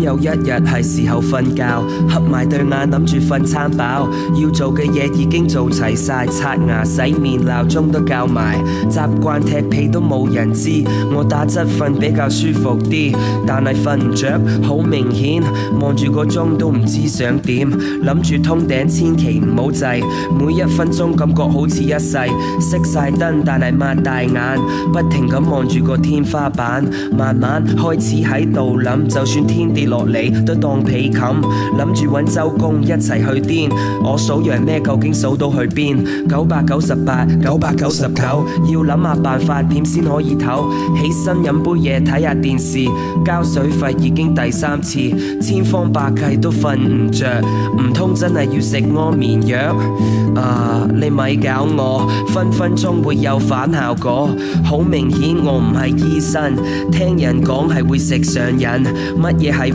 有一日係時候瞓覺，合埋對眼諗住瞓餐飽。要做嘅嘢已經做齊晒，刷牙洗面，鬧鐘都校埋。習慣踢被都冇人知，我打側瞓比較舒服啲，但係瞓唔着好明顯。望住個鐘都唔知想點，諗住通頂千祈唔好滯。每一分鐘感覺好似一世，熄晒燈，但係擘大眼，不停咁望住個天花板，慢慢開始喺度諗，就算天跌，落嚟都當被冚，諗住揾周公一齊去癲。我數羊咩？究竟數到去邊？九百九十八，九百九十九，要諗下辦法點先可以唞。起身飲杯嘢睇下電視，交水費已經第三次，千方百計都瞓唔着，唔通真係要食安眠藥？啊、uh，你咪搞我，分分鐘會有反效果。好明顯我唔係醫生，聽人講係會食上癮，乜嘢係？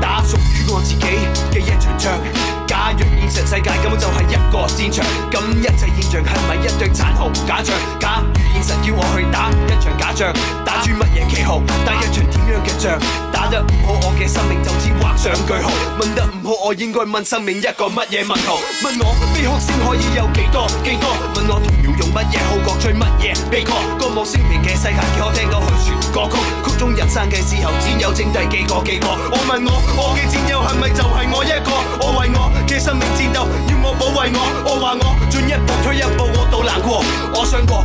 打屬於我自己嘅一場仗，假如現實世界根本就係一個戰場，咁一切現象係咪一堆殘酷假象？假如現實叫我去打一場假仗？得唔好，我嘅生命就似畫上句號。問得唔好，我應該問生命一個乜嘢問號？問我悲哭先可以有幾多？幾多？問我童謠用乜嘢好過追乜嘢悲歌？歌舞昇平嘅世界幾好聽到去傳歌曲？曲中人生嘅時候只有剩低幾個？幾個？我問我我嘅戰友係咪就係我一個？我為我嘅生命戰鬥，要我保衞我。我話我進一步退一步，我到難過，我想過。